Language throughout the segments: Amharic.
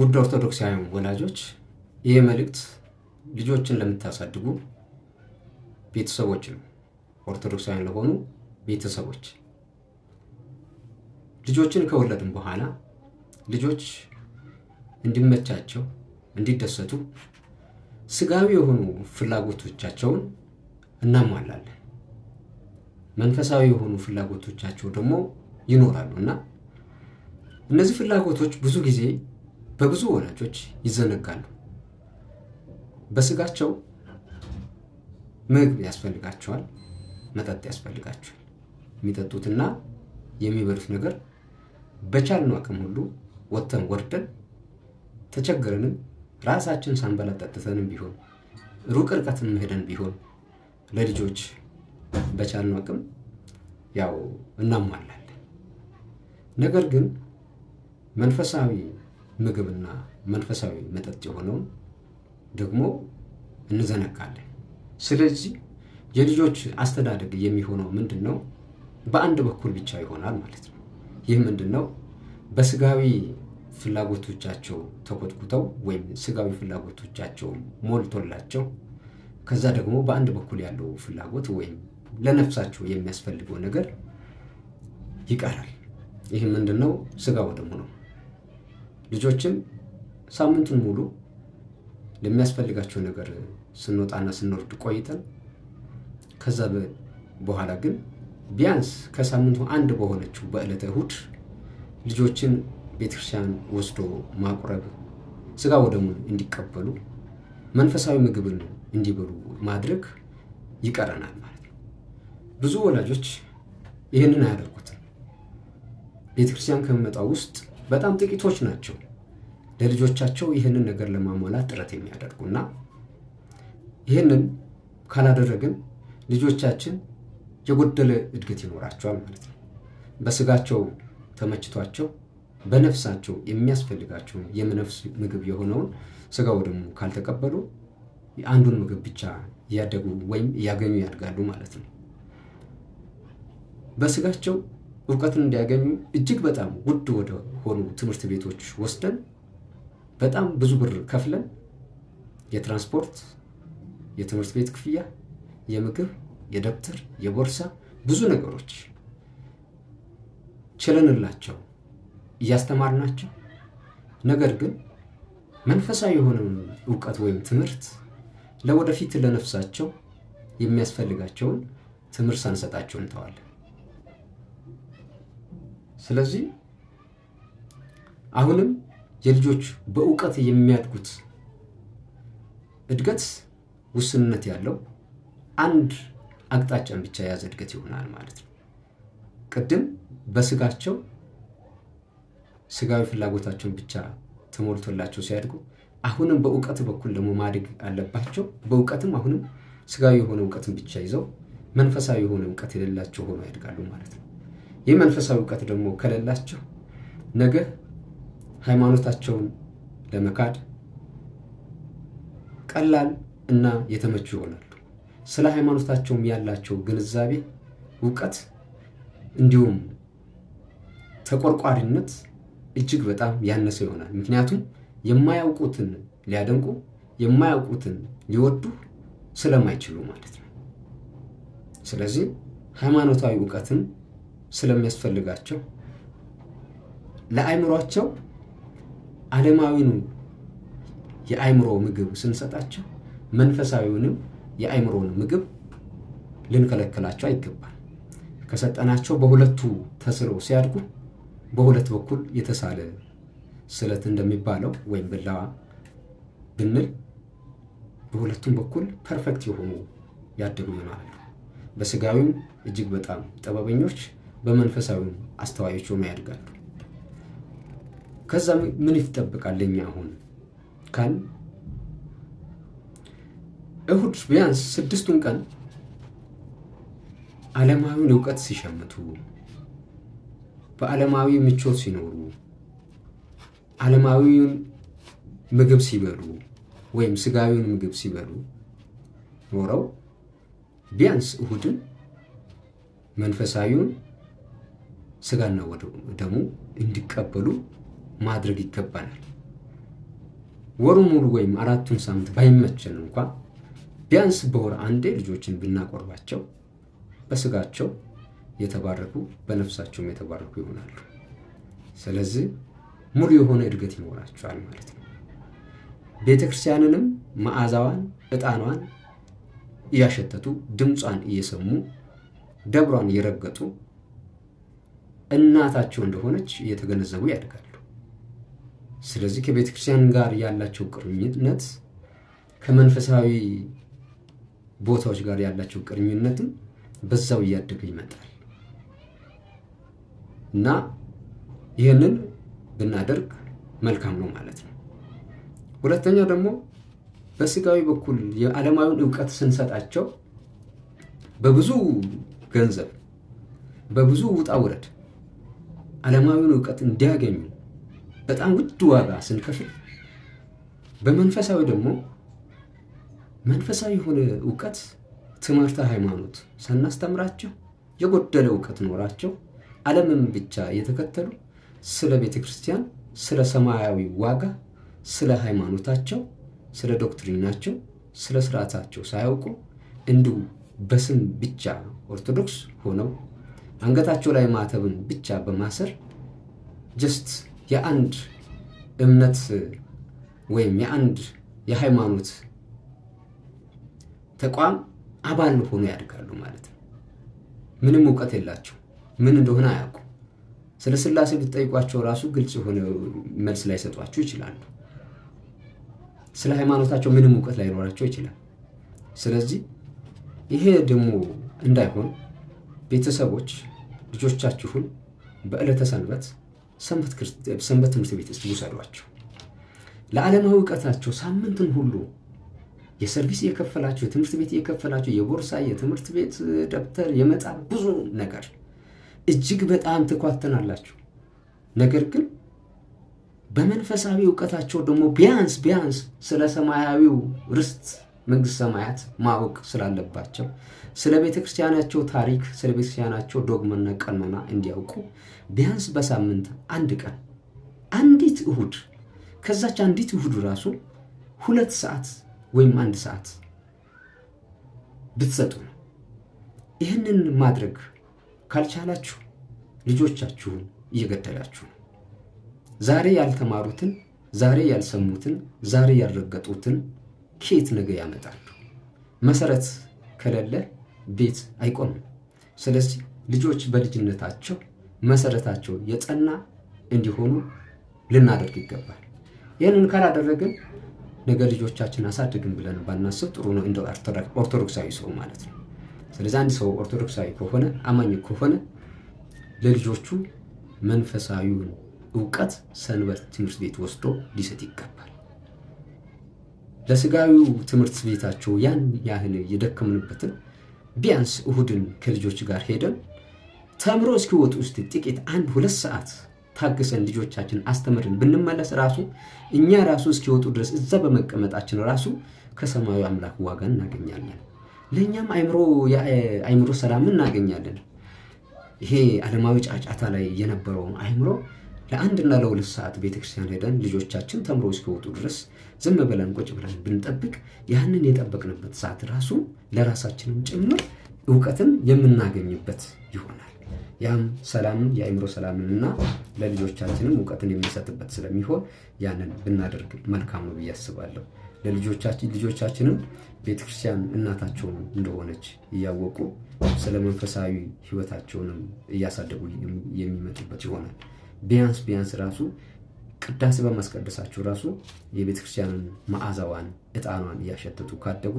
ውድ ኦርቶዶክሳውያን ወላጆች ይህ መልእክት ልጆችን ለምታሳድጉ ቤተሰቦች ነው። ኦርቶዶክሳውያን ለሆኑ ቤተሰቦች ልጆችን ከወለድን በኋላ ልጆች እንዲመቻቸው፣ እንዲደሰቱ ስጋዊ የሆኑ ፍላጎቶቻቸውን እናሟላለን። መንፈሳዊ የሆኑ ፍላጎቶቻቸው ደግሞ ይኖራሉ እና እነዚህ ፍላጎቶች ብዙ ጊዜ በብዙ ወላጆች ይዘነጋሉ። በስጋቸው ምግብ ያስፈልጋቸዋል፣ መጠጥ ያስፈልጋቸዋል። የሚጠጡትና የሚበሉት ነገር በቻልን አቅም ሁሉ ወጥተን ወርደን ተቸገረንም ራሳችን ሳንበላ ጠጥተንም ቢሆን ሩቅ ርቀትን መሄደን ቢሆን ለልጆች በቻልን አቅም ያው እናሟላለን። ነገር ግን መንፈሳዊ ምግብና መንፈሳዊ መጠጥ የሆነውን ደግሞ እንዘነጋለን። ስለዚህ የልጆች አስተዳደግ የሚሆነው ምንድን ነው? በአንድ በኩል ብቻ ይሆናል ማለት ነው። ይህ ምንድን ነው? በስጋዊ ፍላጎቶቻቸው ተኮትኩተው ወይም ስጋዊ ፍላጎቶቻቸው ሞልቶላቸው ከዛ ደግሞ በአንድ በኩል ያለው ፍላጎት ወይም ለነፍሳቸው የሚያስፈልገው ነገር ይቀራል። ይህ ምንድን ነው? ስጋ ወደሙ ነው። ልጆችም ሳምንቱን ሙሉ ለሚያስፈልጋቸው ነገር ስንወጣና ስንወርድ ቆይተን ከዛ በኋላ ግን ቢያንስ ከሳምንቱ አንድ በሆነችው በዕለተ እሁድ ልጆችን ቤተክርስቲያን ወስዶ ማቁረብ፣ ስጋ ወደሙን እንዲቀበሉ መንፈሳዊ ምግብን እንዲበሉ ማድረግ ይቀረናል ማለት ነው። ብዙ ወላጆች ይህንን አያደርጉትም። ቤተክርስቲያን ከሚመጣው ውስጥ በጣም ጥቂቶች ናቸው ለልጆቻቸው ይህንን ነገር ለማሟላት ጥረት የሚያደርጉና ይህንን ካላደረግን ልጆቻችን የጎደለ እድገት ይኖራቸዋል ማለት ነው። በስጋቸው ተመችቷቸው በነፍሳቸው የሚያስፈልጋቸውን የነፍስ ምግብ የሆነውን ስጋው ደግሞ ካልተቀበሉ አንዱን ምግብ ብቻ እያደጉ ወይም እያገኙ ያድጋሉ ማለት ነው። በስጋቸው እውቀትን እንዲያገኙ እጅግ በጣም ውድ ወደ ሆኑ ትምህርት ቤቶች ወስደን በጣም ብዙ ብር ከፍለን የትራንስፖርት፣ የትምህርት ቤት ክፍያ፣ የምግብ፣ የደብተር፣ የቦርሳ ብዙ ነገሮች ችለንላቸው እያስተማርናቸው ነገር ግን መንፈሳዊ የሆነውን እውቀት ወይም ትምህርት ለወደፊት ለነፍሳቸው የሚያስፈልጋቸውን ትምህርት ሳንሰጣቸው እንተዋለን። ስለዚህ አሁንም የልጆች በእውቀት የሚያድጉት እድገት ውስንነት ያለው አንድ አቅጣጫን ብቻ የያዘ እድገት ይሆናል ማለት ነው። ቅድም በስጋቸው ስጋዊ ፍላጎታቸውን ብቻ ተሞልቶላቸው ሲያድጉ አሁንም በእውቀት በኩል ደግሞ ማደግ አለባቸው። በእውቀትም አሁንም ስጋዊ የሆነ እውቀትን ብቻ ይዘው መንፈሳዊ የሆነ እውቀት የሌላቸው ሆኖ ያድጋሉ ማለት ነው። ይህ መንፈሳዊ እውቀት ደግሞ ከሌላቸው ነገ ሃይማኖታቸውን ለመካድ ቀላል እና የተመቹ ይሆናሉ። ስለ ሃይማኖታቸውም ያላቸው ግንዛቤ፣ እውቀት እንዲሁም ተቆርቋሪነት እጅግ በጣም ያነሰ ይሆናል። ምክንያቱም የማያውቁትን ሊያደንቁ የማያውቁትን ሊወዱ ስለማይችሉ ማለት ነው። ስለዚህ ሃይማኖታዊ እውቀትን ስለሚያስፈልጋቸው ለአእምሯቸው ዓለማዊኑ የአእምሮ ምግብ ስንሰጣቸው መንፈሳዊውንም የአእምሮን ምግብ ልንከለክላቸው አይገባል። ከሰጠናቸው በሁለቱ ተስሎ ሲያድጉ በሁለት በኩል የተሳለ ስለት እንደሚባለው ወይም ብላ ብንል በሁለቱም በኩል ፐርፌክት የሆኑ ያደጉ ይሆናሉ። በስጋዊም እጅግ በጣም ጥበበኞች በመንፈሳዊ አስተዋዮች ሆኖ ያድጋል። ከዛ ምን ይጠብቃል ለኛ አሁን ካል እሁድ ቢያንስ ስድስቱን ቀን ዓለማዊን እውቀት ሲሸምቱ፣ በዓለማዊ ምቾት ሲኖሩ፣ ዓለማዊውን ምግብ ሲበሉ ወይም ስጋዊውን ምግብ ሲበሉ ኖረው ቢያንስ እሁድን መንፈሳዊውን ስጋና ደሙ እንዲቀበሉ ማድረግ ይገባናል። ወሩ ሙሉ ወይም አራቱን ሳምንት ባይመቸን እንኳ ቢያንስ በወር አንዴ ልጆችን ብናቆርባቸው በስጋቸው የተባረኩ በነፍሳቸውም የተባረኩ ይሆናሉ። ስለዚህ ሙሉ የሆነ እድገት ይኖራቸዋል ማለት ነው። ቤተክርስቲያንንም መዓዛዋን እጣኗን እያሸተቱ ድምጿን እየሰሙ ደብሯን እየረገጡ እናታቸው እንደሆነች እየተገነዘቡ ያድጋሉ። ስለዚህ ከቤተ ክርስቲያን ጋር ያላቸው ቅርኝነት ከመንፈሳዊ ቦታዎች ጋር ያላቸው ቅርኝነትም በዛው እያደገ ይመጣል እና ይህንን ብናደርግ መልካም ነው ማለት ነው። ሁለተኛ ደግሞ በስጋዊ በኩል የዓለማዊን እውቀት ስንሰጣቸው በብዙ ገንዘብ በብዙ ውጣ ውረድ ዓለማዊውን እውቀት እንዲያገኙ በጣም ውድ ዋጋ ስንከፍል፣ በመንፈሳዊ ደግሞ መንፈሳዊ የሆነ እውቀት ትምህርተ ሃይማኖት ሳናስተምራቸው የጎደለ እውቀት ኖራቸው ዓለምን ብቻ የተከተሉ ስለ ቤተ ክርስቲያን፣ ስለ ሰማያዊ ዋጋ፣ ስለ ሃይማኖታቸው፣ ስለ ዶክትሪናቸው፣ ስለ ስርዓታቸው ሳያውቁ እንዲሁ በስም ብቻ ኦርቶዶክስ ሆነው አንገታቸው ላይ ማተብን ብቻ በማሰር ጀስት የአንድ እምነት ወይም የአንድ የሃይማኖት ተቋም አባል ሆኖ ያድጋሉ ማለት ነው። ምንም እውቀት የላቸው፣ ምን እንደሆነ አያውቁም። ስለ ስላሴ ብትጠይቋቸው ራሱ ግልጽ የሆነ መልስ ላይሰጧችሁ ይችላሉ። ስለ ሃይማኖታቸው ምንም እውቀት ላይኖራቸው ይችላል። ስለዚህ ይሄ ደግሞ እንዳይሆን ቤተሰቦች ልጆቻችሁን በዕለተ ሰንበት ሰንበት ትምህርት ቤት ውስጥ ውሰዷቸው። ለዓለማዊ እውቀታቸው ሳምንትን ሁሉ የሰርቪስ የከፈላቸው የትምህርት ቤት የከፈላቸው የቦርሳ የትምህርት ቤት ደብተር የመጣ ብዙ ነገር እጅግ በጣም ትኳተናላችሁ። ነገር ግን በመንፈሳዊ እውቀታቸው ደግሞ ቢያንስ ቢያንስ ስለ ሰማያዊው ርስት መንግስት ሰማያት ማወቅ ስላለባቸው ስለ ቤተ ክርስቲያናቸው ታሪክ፣ ስለ ቤተ ክርስቲያናቸው ዶግማና ቀኖና እንዲያውቁ ቢያንስ በሳምንት አንድ ቀን አንዲት እሁድ ከዛች አንዲት እሁድ ራሱ ሁለት ሰዓት ወይም አንድ ሰዓት ብትሰጡ ነው። ይህንን ማድረግ ካልቻላችሁ ልጆቻችሁን እየገደላችሁ ነው። ዛሬ ያልተማሩትን፣ ዛሬ ያልሰሙትን፣ ዛሬ ያልረገጡትን ከየት ነገ ያመጣሉ? መሰረት ከሌለ ቤት አይቆምም። ስለዚህ ልጆች በልጅነታቸው መሰረታቸው የጸና እንዲሆኑ ልናደርግ ይገባል። ይህንን ካላደረግን ነገ ልጆቻችን አሳድግን ብለን ባናስብ ጥሩ ነው፣ እንደ ኦርቶዶክሳዊ ሰው ማለት ነው። ስለዚህ አንድ ሰው ኦርቶዶክሳዊ ከሆነ አማኝ ከሆነ ለልጆቹ መንፈሳዊውን እውቀት ሰንበት ትምህርት ቤት ወስዶ ሊሰጥ ይገባል። ለስጋዊው ትምህርት ቤታቸው ያን ያህል የደከምንበትን ቢያንስ እሁድን ከልጆች ጋር ሄደን ተምሮ እስኪወጡ ውስጥ ጥቂት አንድ ሁለት ሰዓት ታግሰን ልጆቻችን አስተምርን ብንመለስ ራሱ እኛ ራሱ እስኪወጡ ድረስ እዛ በመቀመጣችን ራሱ ከሰማዩ አምላክ ዋጋ እናገኛለን። ለእኛም አይምሮ ሰላም እናገኛለን። ይሄ ዓለማዊ ጫጫታ ላይ የነበረውን አይምሮ ለአንድና ለሁለት ሰዓት ቤተክርስቲያን ሄደን ልጆቻችን ተምሮ እስከወጡ ድረስ ዝም ብለን ቁጭ ብለን ብንጠብቅ ያንን የጠበቅንበት ሰዓት ራሱ ለራሳችንም ጭምር እውቀትን የምናገኝበት ይሆናል። ያም ሰላምን የአእምሮ ሰላምንና ለልጆቻችንም እውቀትን የምንሰጥበት ስለሚሆን ያንን ብናደርግ መልካም ነው ብዬ አስባለሁ። ለልጆቻችን ልጆቻችንም ቤተክርስቲያን እናታቸው እንደሆነች እያወቁ ስለ መንፈሳዊ ሕይወታቸውንም እያሳደጉ የሚመጡበት ይሆናል። ቢያንስ ቢያንስ ራሱ ቅዳሴ በማስቀደሳቸው ራሱ የቤተክርስቲያንን መዓዛዋን እጣኗን እያሸተቱ ካደጉ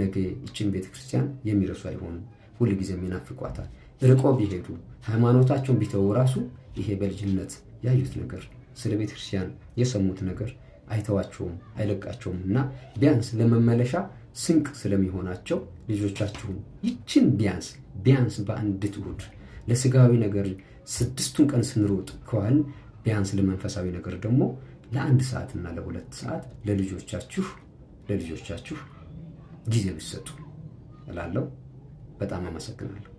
ነገ ይችን ቤተክርስቲያን የሚረሱ አይሆኑ። ሁልጊዜም ይናፍቋታል። ርቆ ቢሄዱ ሃይማኖታቸውን ቢተው ራሱ ይሄ በልጅነት ያዩት ነገር ስለ ቤተክርስቲያን የሰሙት ነገር አይተዋቸውም፣ አይለቃቸውም እና ቢያንስ ለመመለሻ ስንቅ ስለሚሆናቸው ልጆቻችሁን ይችን ቢያንስ ቢያንስ በአንድ እሑድ ለስጋዊ ነገር ስድስቱን ቀን ስንሮጥ ከዋል ቢያንስ ለመንፈሳዊ ነገር ደግሞ ለአንድ ሰዓት እና ለሁለት ሰዓት ለልጆቻችሁ ለልጆቻችሁ ጊዜ ብትሰጡ እላለሁ። በጣም አመሰግናለሁ።